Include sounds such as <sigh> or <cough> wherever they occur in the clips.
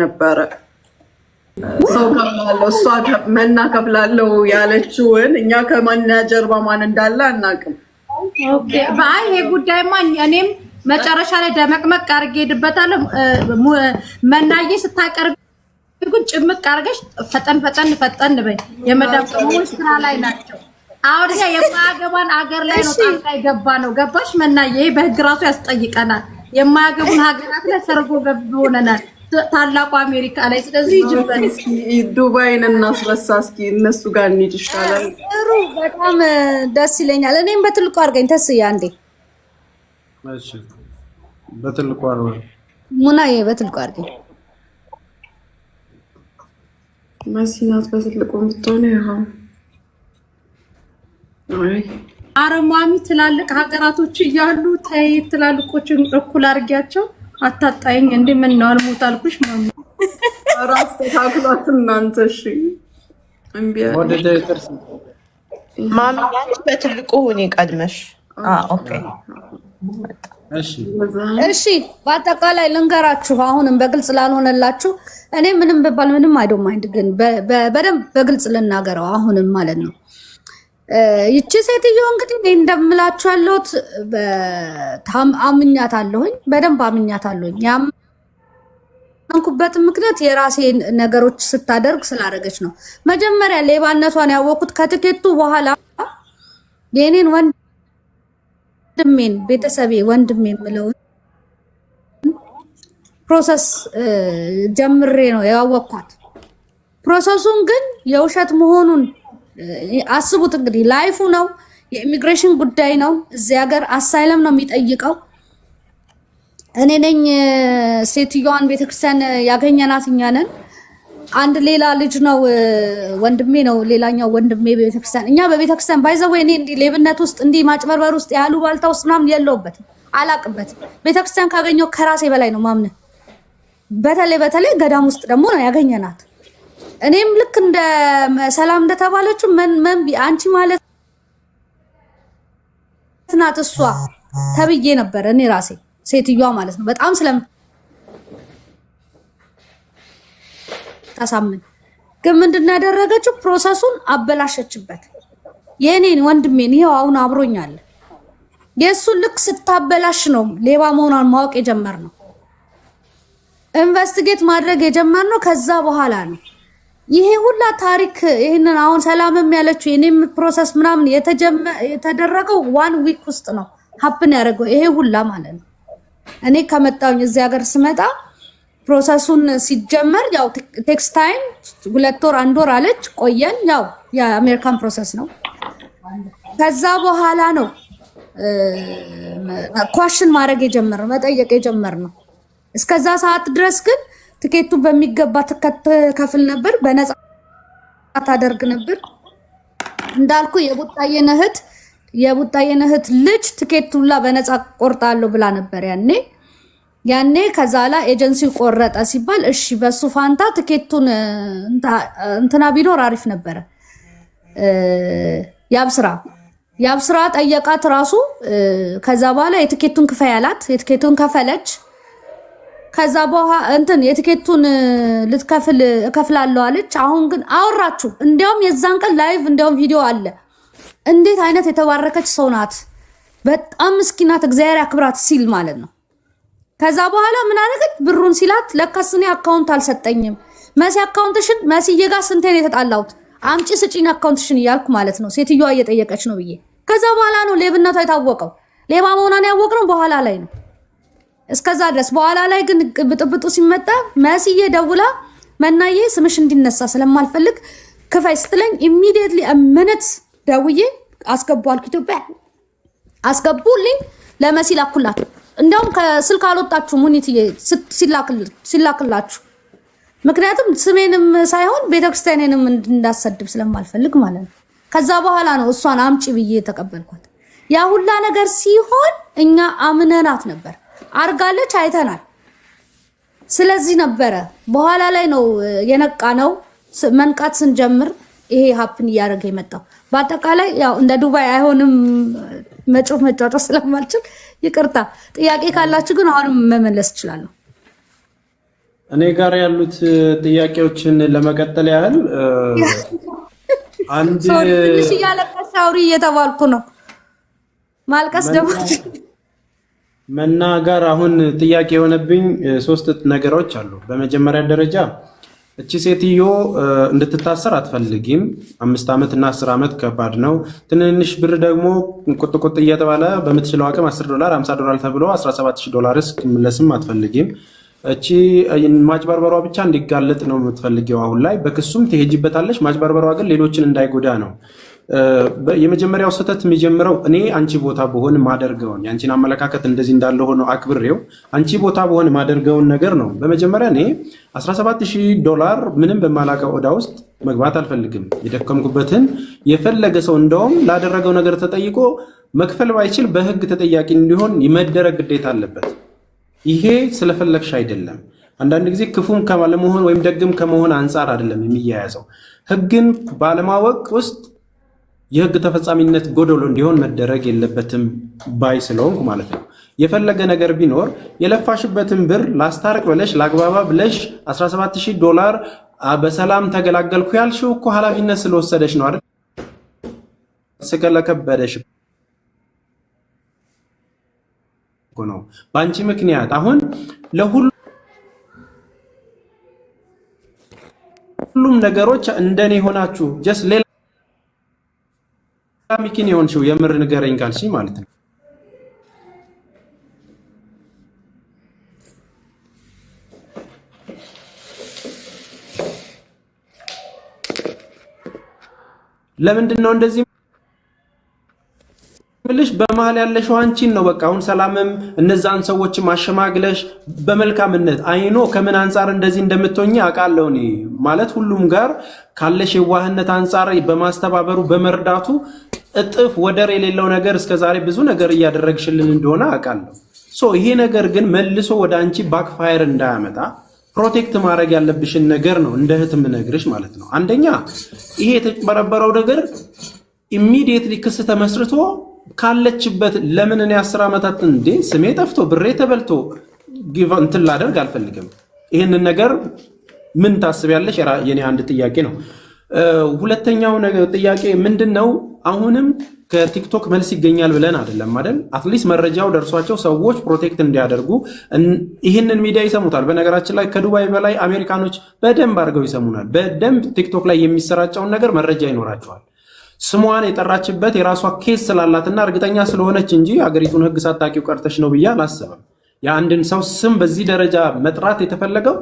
ነበረ ሰው ከፍላለሁ እሷ መና ከፍላለሁ ያለችውን እኛ ከማንኛ ጀርባ ማን እንዳለ አናውቅም። በአይ ይሄ ጉዳይማ እኔም መጨረሻ ላይ ደመቅመቅ አድርጌ ሄድበታለሁ። መናዬ ስታቀርብ ግን ጭምቅ አድርገሽ ፈጠን ፈጠን ፈጠን በይ። የመዳም ስራ ላይ ናቸው። አሁን ያ የማያገባን አገር ላይ ነው ጣልቃ የገባ ነው። ገባሽ መናዬ? ይሄ በህግ ራሱ ያስጠይቀናል። የማያገቡን ሀገራት ላይ ሰርጎ ገብ ሆነናል። ታላቁ አሜሪካ ላይ። ስለዚህ ዱባይን እናስረሳ እስኪ እነሱ ጋር እንሂድ ይሻላል። ጥሩ በጣም ደስ ይለኛል። እኔም በትልቁ አድርገኝ ተስያ እንዴ በትልቁ አድርገኝ ሙናዬ በትልቁ አድርገኝ መሲናት በትልቁ የምትሆነ ይኸው አረማሚ ትላልቅ ሀገራቶች እያሉ ተይ ትላልቆችን እኩል አርጊያቸው። አታጣይኝ እንዴ! ምን ነው አልሞት አልኩሽ። ማሚ አራስ ተካክሏት እናንተ። እሺ እምቢ ማሚ ያንቺ በትልቁ እኔ ቀድመሽ። ኦኬ እሺ። በአጠቃላይ ልንገራችሁ፣ አሁንም በግልጽ ላልሆነላችሁ እኔ ምንም ብባል ምንም አይደው ማይንድ፣ ግን በደንብ በግልጽ ልናገረው አሁንም ማለት ነው ይቺ ሴትዮ እንግዲህ እኔ እንደምላችሁ ያለሁት አምኛት አለሁኝ፣ በደንብ አምኛት አለሁኝ። ያመንኩበት ምክንያት የራሴ ነገሮች ስታደርግ ስላደረገች ነው። መጀመሪያ ሌባነቷን ያወቅኩት ከትኬቱ በኋላ የእኔን ወንድሜን ቤተሰቤ ወንድሜ የምለውን ፕሮሰስ ጀምሬ ነው ያወቅኳት። ፕሮሰሱን ግን የውሸት መሆኑን አስቡት እንግዲህ ላይፉ ነው። የኢሚግሬሽን ጉዳይ ነው። እዚህ ሀገር አሳይለም ነው የሚጠይቀው። እኔ ነኝ ሴትዮዋን ቤተክርስቲያን ያገኘናት እኛ ነን። አንድ ሌላ ልጅ ነው ወንድሜ ነው ሌላኛው ወንድሜ ቤተክርስቲያን እኛ በቤተክርስቲያን ባይዘው እኔ እንዲህ ሌብነት ውስጥ እንዲህ ማጭበርበር ውስጥ ያሉ ባልታ ውስጥ ምናምን የለውበትም አላቅበትም። ቤተክርስቲያን ካገኘው ከራሴ በላይ ነው ማምነ በተለይ በተለይ ገዳም ውስጥ ደግሞ ነው ያገኘናት እኔም ልክ እንደ ሰላም እንደተባለችው መን መን አንቺ ማለት ናት እሷ ተብዬ ነበር። እኔ ራሴ ሴትዮዋ ማለት ነው በጣም ስለምታሳምን ግን ምንድን ነው ያደረገችው? ፕሮሰሱን አበላሸችበት። የእኔን ወንድሜን ይኸው አሁን አብሮኛል። የእሱን ልክ ስታበላሽ ነው ሌባ መሆኗን ማወቅ የጀመርነው። ኢንቨስቲጌት ማድረግ የጀመርነው ከዛ በኋላ ነው። ይሄ ሁላ ታሪክ ይህንን አሁን ሰላምም ያለችው የኔም ፕሮሰስ ምናምን የተደረገው ዋን ዊክ ውስጥ ነው ሀፕን ያደረገው ይሄ ሁላ ማለት ነው። እኔ ከመጣሁኝ እዚህ ሀገር ስመጣ ፕሮሰሱን ሲጀመር ያው ቴክስ ታይም ሁለት ወር አንድ ወር አለች ቆየን። ያው የአሜሪካን ፕሮሰስ ነው። ከዛ በኋላ ነው ኳሽን ማድረግ የጀመር መጠየቅ የጀመር ነው። እስከዛ ሰዓት ድረስ ግን ትኬቱ በሚገባ ትከፍል ነበር፣ በነፃ ታደርግ ነበር። እንዳልኩ የቡጣየን እህት የቡጣየን እህት ልጅ ትኬቱላ ሁላ በነፃ ቆርጣለሁ ብላ ነበር ያኔ ያኔ ከዛ ላ ኤጀንሲው ቆረጠ ሲባል እሺ፣ በሱ ፋንታ ትኬቱን እንትና ቢኖር አሪፍ ነበረ። ያብስራ ያብስራ ጠየቃት ራሱ። ከዛ በኋላ የትኬቱን ክፈይ አላት። የትኬቱን ከፈለች። ከዛ በኋላ እንትን የትኬቱን ልትከፍል እከፍላለሁ አለች። አሁን ግን አወራችሁ። እንዲያውም የዛን ቀን ላይቭ እንዲያውም ቪዲዮ አለ። እንዴት አይነት የተባረከች ሰው ናት! በጣም ምስኪናት፣ እግዚአብሔር ያክብራት ሲል ማለት ነው። ከዛ በኋላ ምን አደረገች? ብሩን ሲላት ለካስ እኔ አካውንት አልሰጠኝም መሲ አካውንትሽን መሲዬ ጋር ስንቴን የተጣላሁት አምጪ ስጪን አካውንትሽን እያልኩ ማለት ነው። ሴትዮዋ እየጠየቀች ነው ብዬ ከዛ በኋላ ነው ሌብነቷ የታወቀው። ሌባ መሆኗን ያወቅነው በኋላ ላይ ነው። እስከዛ ድረስ። በኋላ ላይ ግን ብጥብጡ ሲመጣ መስዬ ደውላ መናዬ ስምሽ እንዲነሳ ስለማልፈልግ ክፈይ ስትለኝ ኢሚዲየትሊ ምነት ደውዬ አስገቡ አልኩ። ኢትዮጵያ አስገቡልኝ ለመሲ ላኩላት። እንደውም ከስልክ አልወጣችሁ ሙኒት ሲላክላችሁ፣ ምክንያቱም ስሜንም ሳይሆን ቤተክርስቲያኔንም እንዳሰድብ ስለማልፈልግ ማለት ነው። ከዛ በኋላ ነው እሷን አምጪ ብዬ ተቀበልኳት። ያ ሁላ ነገር ሲሆን እኛ አምነናት ነበር። አርጋለች፣ አይተናል። ስለዚህ ነበረ በኋላ ላይ ነው የነቃ ነው መንቃት ስንጀምር ይሄ ሀፕን እያደረገ የመጣው በአጠቃላይ ያው እንደ ዱባይ አይሆንም። መጮፍ መጫጫት ስለማልችል ይቅርታ። ጥያቄ ካላችሁ ግን አሁንም መመለስ እችላለሁ። እኔ ጋር ያሉት ጥያቄዎችን ለመቀጠል ያህል አንድ ትንሽ እያለቀስ አውሪ እየተባልኩ ነው። ማልቀስ ደግሞ መናገር አሁን ጥያቄ የሆነብኝ ሶስት ነገሮች አሉ። በመጀመሪያ ደረጃ እቺ ሴትዮ እንድትታሰር አትፈልጊም። አምስት ዓመት እና አስር ዓመት ከባድ ነው። ትንንሽ ብር ደግሞ ቁጥቁጥ እየተባለ በምትችለው አቅም 10 ዶላር፣ 50 ዶላር ተብሎ 17 ዶላርስ መለስም አትፈልጊም። እቺ ማጭበርበሯ ብቻ እንዲጋለጥ ነው የምትፈልጊው አሁን ላይ። በክሱም ትሄጅበታለች ማጭበርበሯ ግን ሌሎችን እንዳይጎዳ ነው የመጀመሪያው ስህተት የሚጀምረው እኔ አንቺ ቦታ በሆን ማደርገውን የአንቺን አመለካከት እንደዚህ እንዳለ ሆኖ አክብሬው አንቺ ቦታ በሆን ማደርገውን ነገር ነው። በመጀመሪያ እኔ 170 ዶላር ምንም በማላውቀው ዕዳ ውስጥ መግባት አልፈልግም። የደከምኩበትን የፈለገ ሰው እንደውም ላደረገው ነገር ተጠይቆ መክፈል ባይችል በህግ ተጠያቂ እንዲሆን የመደረግ ግዴታ አለበት። ይሄ ስለፈለግሽ አይደለም። አንዳንድ ጊዜ ክፉም ከለመሆን ወይም ደግም ከመሆን አንጻር አይደለም የሚያያዘው ህግን ባለማወቅ ውስጥ የህግ ተፈጻሚነት ጎደሎ እንዲሆን መደረግ የለበትም ባይ ስለሆንኩ ማለት ነው። የፈለገ ነገር ቢኖር የለፋሽበትን ብር ላስታርቅ ብለሽ ለአግባባ ብለሽ 170 ዶላር በሰላም ተገላገልኩ ያልሽው እኮ ኃላፊነት ስለወሰደች ነው አይደል? ስለከበደሽ እኮ ነው። በአንቺ ምክንያት አሁን ለሁሉ ሁሉም ነገሮች እንደኔ ሆናችሁ ጀስት ሌላ ሚኪን የሆንሽው የምር ንገረኝ ካልሽ ማለት ነው። ለምንድን ነው እንደዚህ ምልሽ? በመሀል ያለሽው አንቺን ነው። በቃ አሁን ሰላምም እነዛን ሰዎች አሸማግለሽ በመልካምነት አይኖ ከምን አንጻር እንደዚህ እንደምትሆኝ አውቃለሁ እኔ ማለት ሁሉም ጋር ካለሽ የዋህነት አንጻር በማስተባበሩ በመርዳቱ እጥፍ ወደር የሌለው ነገር እስከዛሬ ብዙ ነገር እያደረግሽልን እንደሆነ አውቃለሁ። ሶ ይሄ ነገር ግን መልሶ ወደ አንቺ ባክፋየር እንዳያመጣ ፕሮቴክት ማድረግ ያለብሽን ነገር ነው እንደ እህት የምነግርሽ ማለት ነው። አንደኛ ይሄ የተጭበረበረው ነገር ኢሚዲየትሊ ክስ ተመስርቶ ካለችበት ለምን እኔ አስር ዓመታት እንዴ ስሜ ጠፍቶ ብሬ ተበልቶ እንትን ላደርግ አልፈልግም። ይህንን ነገር ምን ታስቢያለሽ? የኔ አንድ ጥያቄ ነው። ሁለተኛው ጥያቄ ምንድን ነው አሁንም ከቲክቶክ መልስ ይገኛል ብለን አይደለም አይደል? አትሊስት መረጃው ደርሷቸው ሰዎች ፕሮቴክት እንዲያደርጉ ይህንን ሚዲያ ይሰሙታል። በነገራችን ላይ ከዱባይ በላይ አሜሪካኖች በደንብ አድርገው ይሰሙናል። በደንብ ቲክቶክ ላይ የሚሰራጨውን ነገር መረጃ ይኖራቸዋል። ስሟን የጠራችበት የራሷ ኬስ ስላላትና እርግጠኛ ስለሆነች እንጂ ሀገሪቱን ሕግ ሳታውቂው ቀርተሽ ነው ብዬ አላሰበም። የአንድን ሰው ስም በዚህ ደረጃ መጥራት የተፈለገው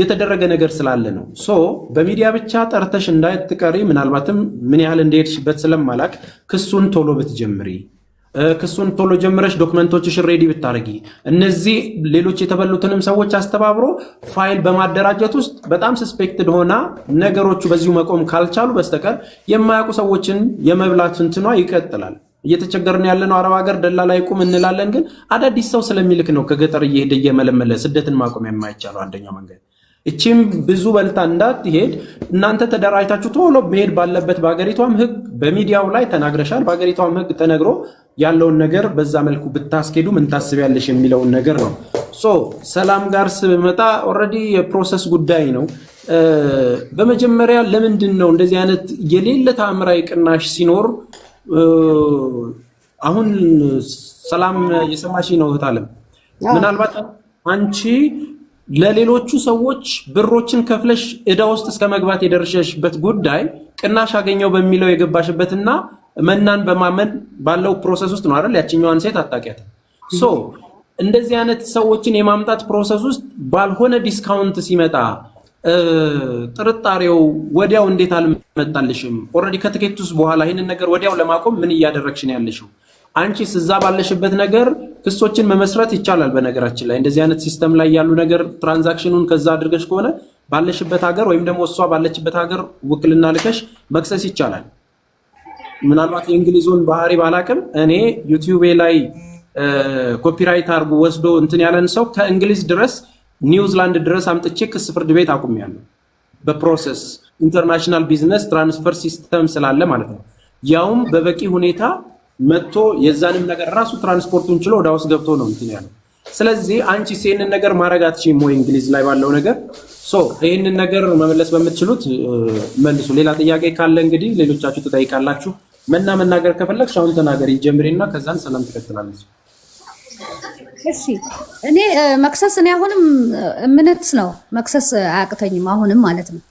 የተደረገ ነገር ስላለ ነው። ሶ በሚዲያ ብቻ ጠርተሽ እንዳትቀሪ ምናልባትም ምን ያህል እንደሄድሽበት ስለማላቅ ክሱን ቶሎ ብትጀምሪ ክሱን ቶሎ ጀምረሽ ዶክመንቶችሽ ሬዲ ብታደርጊ እነዚህ ሌሎች የተበሉትንም ሰዎች አስተባብሮ ፋይል በማደራጀት ውስጥ በጣም ሰስፔክትድ ሆና ነገሮቹ በዚሁ መቆም ካልቻሉ በስተቀር የማያውቁ ሰዎችን የመብላት እንትኗ ይቀጥላል። እየተቸገርን ያለነው አረብ ሀገር ደላላ ይቁም እንላለን፣ ግን አዳዲስ ሰው ስለሚልክ ነው ከገጠር እየሄደ እየመለመለ ስደትን ማቆም የማይቻለው አንደኛው መንገድ እቺም ብዙ በልታ እንዳትሄድ እናንተ ተደራጅታችሁ ቶሎ መሄድ ባለበት በሀገሪቷም ህግ በሚዲያው ላይ ተናግረሻል። በሀገሪቷም ህግ ተነግሮ ያለውን ነገር በዛ መልኩ ብታስኬዱ ምን ታስቢያለሽ የሚለውን ነገር ነው። ሶ ሰላም ጋር ስመጣ ኦልሬዲ የፕሮሰስ ጉዳይ ነው። በመጀመሪያ ለምንድን ነው እንደዚህ አይነት የሌለ ታምራዊ ቅናሽ ሲኖር አሁን ሰላም የሰማሽ ነው እህት አለም ምናልባት አንቺ ለሌሎቹ ሰዎች ብሮችን ከፍለሽ እዳ ውስጥ እስከ መግባት የደረሸሽበት ጉዳይ ቅናሽ አገኘው በሚለው የገባሽበትና መናን በማመን ባለው ፕሮሰስ ውስጥ ነው አይደል? ያችኛዋን ሴት አታውቂያትም። ሶ እንደዚህ አይነት ሰዎችን የማምጣት ፕሮሰስ ውስጥ ባልሆነ ዲስካውንት ሲመጣ ጥርጣሬው ወዲያው እንዴት አልመጣልሽም? ኦልሬዲ ከትኬቱስ በኋላ ይህንን ነገር ወዲያው ለማቆም ምን እያደረግሽ ነው ያለሽው? አንቺስ እዛ ባለሽበት ነገር ክሶችን መመስረት ይቻላል። በነገራችን ላይ እንደዚህ አይነት ሲስተም ላይ ያሉ ነገር ትራንዛክሽኑን ከዛ አድርገሽ ከሆነ ባለሽበት ሀገር ወይም ደግሞ እሷ ባለችበት ሀገር ውክልና ልከሽ መክሰስ ይቻላል። ምናልባት የእንግሊዙን ባህሪ ባላቅም እኔ ዩቲዩቤ ላይ ኮፒራይት አድርጎ ወስዶ እንትን ያለን ሰው ከእንግሊዝ ድረስ ኒውዚላንድ ድረስ አምጥቼ ክስ ፍርድ ቤት አቁሜያለሁ። በፕሮሰስ ኢንተርናሽናል ቢዝነስ ትራንስፈር ሲስተም ስላለ ማለት ነው። ያውም በበቂ ሁኔታ መጥቶ የዛንም ነገር ራሱ ትራንስፖርቱን ችሎ ወደ ውስጥ ገብቶ ነው እንትን ያለው። ስለዚህ አንቺ ይህንን ነገር ማድረግ አትችይም ወይ እንግሊዝ ላይ ባለው ነገር? ሶ ይህንን ነገር መመለስ በምትችሉት መልሱ። ሌላ ጥያቄ ካለ እንግዲህ ሌሎቻችሁ ትጠይቃላችሁ። መና መናገር ከፈለግሽ አሁን ተናገር ጀምሪና ከዛን ሰላም ትቀጥላለች። እሺ እኔ መክሰስ እኔ አሁንም እምነት ነው መክሰስ አያቅተኝም አሁንም ማለት ነው።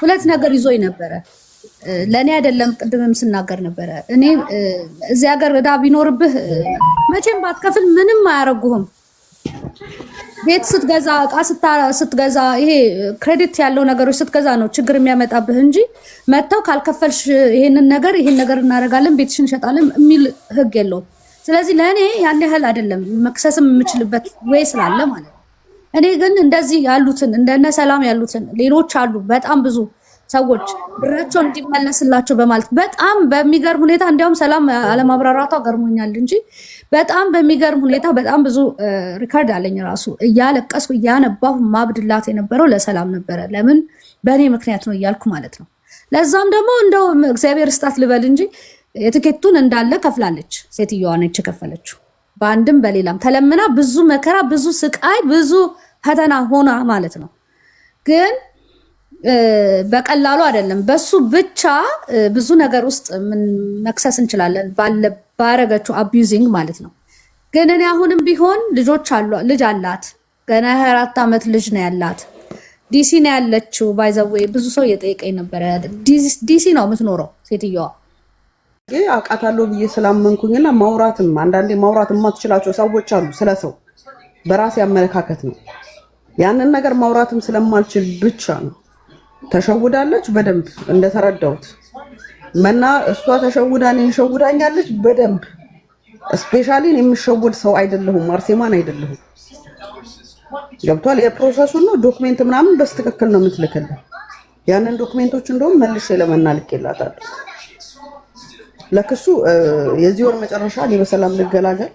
ሁለት ነገር ይዞኝ ነበረ ለእኔ አይደለም። ቅድምም ስናገር ነበረ እኔ እዚህ ሀገር እዳ ቢኖርብህ መቼም ባትከፍል ምንም አያረጉህም። ቤት ስትገዛ፣ እቃ ስትገዛ፣ ይሄ ክሬዲት ያለው ነገሮች ስትገዛ ነው ችግር የሚያመጣብህ እንጂ መጥተው ካልከፈልሽ ይሄንን ነገር ይሄን ነገር እናደርጋለን፣ ቤትሽን እንሸጣለን የሚል ህግ የለውም። ስለዚህ ለእኔ ያን ያህል አይደለም መክሰስም የምችልበት ወይ ስላለ ማለት ነው። እኔ ግን እንደዚህ ያሉትን እንደነ ሰላም ያሉትን ሌሎች አሉ በጣም ብዙ ሰዎች ብራቸው እንዲመለስላቸው በማለት በጣም በሚገርም ሁኔታ እንዲያውም ሰላም አለማብራራቷ ገርሞኛል እንጂ በጣም በሚገርም ሁኔታ በጣም ብዙ ሪከርድ አለኝ ራሱ እያለቀስኩ እያነባሁ ማብድላት የነበረው ለሰላም ነበረ። ለምን በእኔ ምክንያት ነው እያልኩ ማለት ነው። ለዛም ደግሞ እንደው እግዚአብሔር ስጣት ልበል እንጂ የትኬቱን እንዳለ ከፍላለች። ሴትዮዋ ነች የከፈለችው። በአንድም በሌላም ተለምና ብዙ መከራ፣ ብዙ ስቃይ፣ ብዙ ፈተና ሆና ማለት ነው ግን በቀላሉ አይደለም። በሱ ብቻ ብዙ ነገር ውስጥ ምን መክሰስ እንችላለን፣ ባረገችው አቢዩዚንግ ማለት ነው። ግን እኔ አሁንም ቢሆን ልጆች ልጅ አላት ገና የሀያ አራት ዓመት ልጅ ነው ያላት። ዲሲ ነው ያለችው። ባይዘዌ ብዙ ሰው እየጠየቀኝ ነበረ። ዲሲ ነው የምትኖረው ሴትየዋ። አውቃታለሁ ብዬ ስላመንኩኝና ማውራትም አንዳንዴ ማውራት የማትችላቸው ሰዎች አሉ። ስለ ሰው በራሴ አመለካከት ነው ያንን ነገር ማውራትም ስለማልችል ብቻ ነው ተሸውዳለች በደንብ እንደተረዳሁት መና እሷ ተሸውዳ እኔን ሸውዳኛለች በደንብ ስፔሻሊን የሚሸውድ ሰው አይደለሁም አርሴማን አይደለሁም ገብቷል የፕሮሰሱ ነው ዶክሜንት ምናምን በስትክክል ነው የምትልክልን ያንን ዶክሜንቶች እንደውም መልሼ ለመና ልኬላታለሁ ለክሱ የዚህ ወር መጨረሻ እኔ በሰላም ልገላገል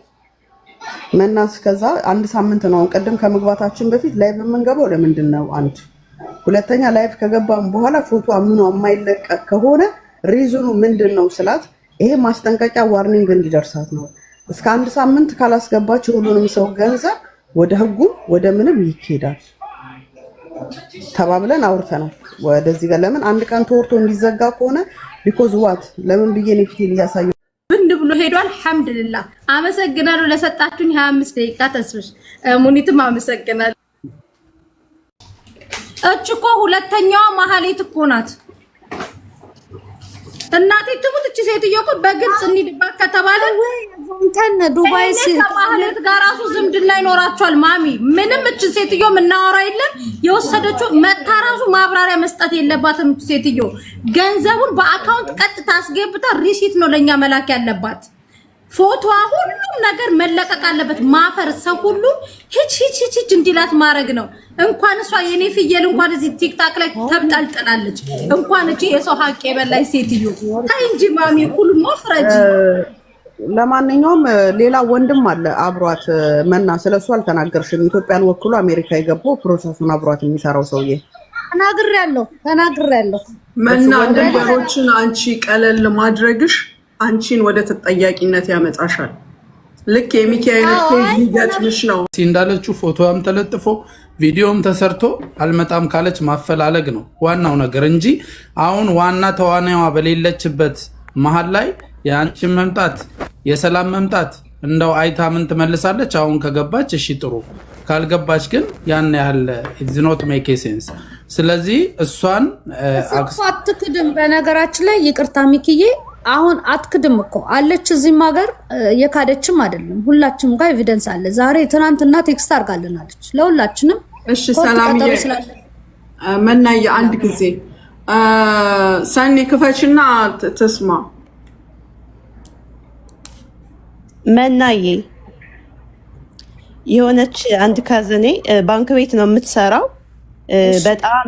መናስ ከዛ አንድ ሳምንት ነው ቅድም ከመግባታችን በፊት ላይ የምንገባው ለምንድን ነው አንድ ሁለተኛ ላይፍ ከገባም በኋላ ፎቶ ምኗ የማይለቀቅ ከሆነ ሪዝኑ ምንድን ነው ስላት፣ ይሄ ማስጠንቀቂያ ዋርኒንግ እንዲደርሳት ነው። እስከ አንድ ሳምንት ካላስገባች ሁሉንም ሰው ገንዘብ ወደ ህጉ ወደ ምንም ይኬዳል ተባብለን አውርተናል። ወደዚህ ጋር ለምን አንድ ቀን ተወርቶ እንዲዘጋ ከሆነ ቢኮዝ ዋት ለምን ብዬ ኔፊቴ ፊቴን እያሳየ ብሎ ሄዷል። አልሐምድልላህ አመሰግናለሁ ለሰጣችሁኝ ሀያ አምስት ደቂቃ ተስብሽ ሙኒትም አመሰግናለሁ። እች እኮ ሁለተኛዋ መሀሌት እኮ ናት። እናቴ ትሙት እች ሴትዮ እኮ በግብጽ እንሂድባት ከተባለ እንትን ዱባይ ከማህሌት ጋር ራሱ ዝምድና ይኖራቸዋል። ማሚ ምንም እች ሴትዮ የምናወራ የለም። የወሰደችው መታ ራሱ ማብራሪያ መስጠት የለባትም። ሴትዮ ገንዘቡን በአካውንት ቀጥታ አስገብታ ሪሲት ነው ለእኛ መላክ ያለባት። ፎቶዋ ሁሉም ነገር መለቀቅ አለበት። ማፈር ሰው ሁሉ ሂች ሂች ሂች እንዲላት ማድረግ ነው። እንኳን እሷ የኔ ፍየል እንኳን እዚህ ቲክታክ ላይ ተብጠልጥላለች። እንኳን እቺ የሰው ሀቅ የበላይ ሴትዮ ታይ እንጂ ማሚ ሁሉ መፍረጅ። ለማንኛውም ሌላ ወንድም አለ አብሯት መና፣ ስለሱ አልተናገርሽም። ኢትዮጵያን ወክሎ አሜሪካ የገባው ፕሮሰሱን አብሯት የሚሰራው ሰውዬ ተናግሬያለሁ፣ ተናግሬያለሁ መና ነገሮችን አንቺ ቀለል ማድረግሽ አንቺን ወደ ተጠያቂነት ያመጣሻል። ልክ የሚኪ አይነት ሊገጥምሽ ነው እንዳለችው ፎቶዋም ተለጥፎ ቪዲዮም ተሰርቶ አልመጣም ካለች ማፈላለግ ነው ዋናው ነገር እንጂ አሁን ዋና ተዋናዋ በሌለችበት መሀል ላይ የአንቺን መምጣት የሰላም መምጣት እንደው አይታ ምን ትመልሳለች? አሁን ከገባች እሺ ጥሩ፣ ካልገባች ግን ያን ያህል ኖት ሜክ ሴንስ። ስለዚህ እሷን አትክድም። በነገራችን ላይ ይቅርታ ሚክዬ አሁን አትክድም እኮ አለች። እዚህም ሀገር የካደችም አይደለም። ሁላችንም ጋር ኤቪደንስ አለ። ዛሬ ትናንትና ቴክስት አድርጋልናለች ለሁላችንም። እሺ ሰላምዬ መናየ አንድ ጊዜ ሰኔ ክፈችና ትስማ መናዬ የሆነች አንድ ካዘኔ ባንክ ቤት ነው የምትሰራው በጣም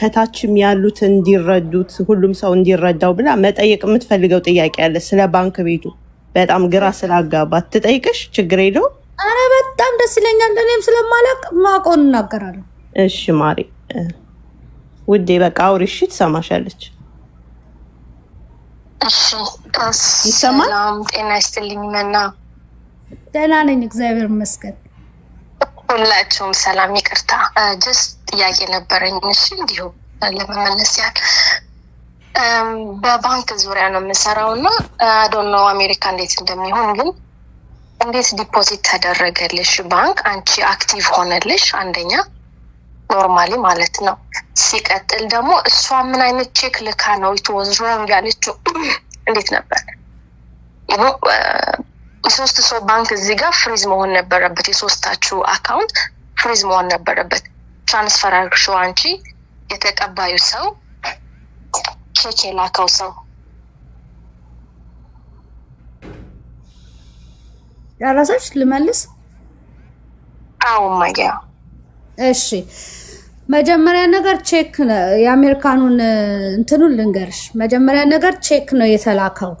ከታችም ያሉት እንዲረዱት ሁሉም ሰው እንዲረዳው ብላ መጠየቅ የምትፈልገው ጥያቄ አለ። ስለ ባንክ ቤቱ በጣም ግራ ስላጋባት ትጠይቅሽ፣ ችግር የለው። አረ በጣም ደስ ይለኛል። እኔም ስለማላቅ ማቆን እናገራለሁ። እሺ ማሪ ውዴ፣ በቃ አውሪ። እሺ ትሰማሻለች። ይሰማል። ጤና ይስጥልኝ መና። ደህና ነኝ፣ እግዚአብሔር ይመስገን። ሁላችሁም ሰላም፣ ይቅርታ ጀስት ጥያቄ ነበረኝ። እሺ፣ እንዲሁ ለመመለስ ያህል በባንክ ዙሪያ ነው የምሰራው እና ዶኖ አሜሪካ እንዴት እንደሚሆን ግን እንዴት ዲፖዚት ተደረገልሽ ባንክ አንቺ አክቲቭ ሆነልሽ አንደኛ ኖርማሊ ማለት ነው። ሲቀጥል ደግሞ እሷ ምን አይነት ቼክ ልካ ነው ኢትወዝ ሮንግ ያለችው <clears throat> እንዴት ነበር የሶስት ሰው ባንክ እዚህ ጋር ፍሪዝ መሆን ነበረበት። የሶስታችሁ አካውንት ፍሪዝ መሆን ነበረበት። ትራንስፈር አርግሽው አንቺ፣ የተቀባዩ ሰው፣ ቼክ የላከው ሰው። ጨረሰች? ልመልስ? አዎ ማያ። እሺ መጀመሪያ ነገር ቼክ ነው የአሜሪካኑን እንትኑን ልንገርሽ። መጀመሪያ ነገር ቼክ ነው የተላከው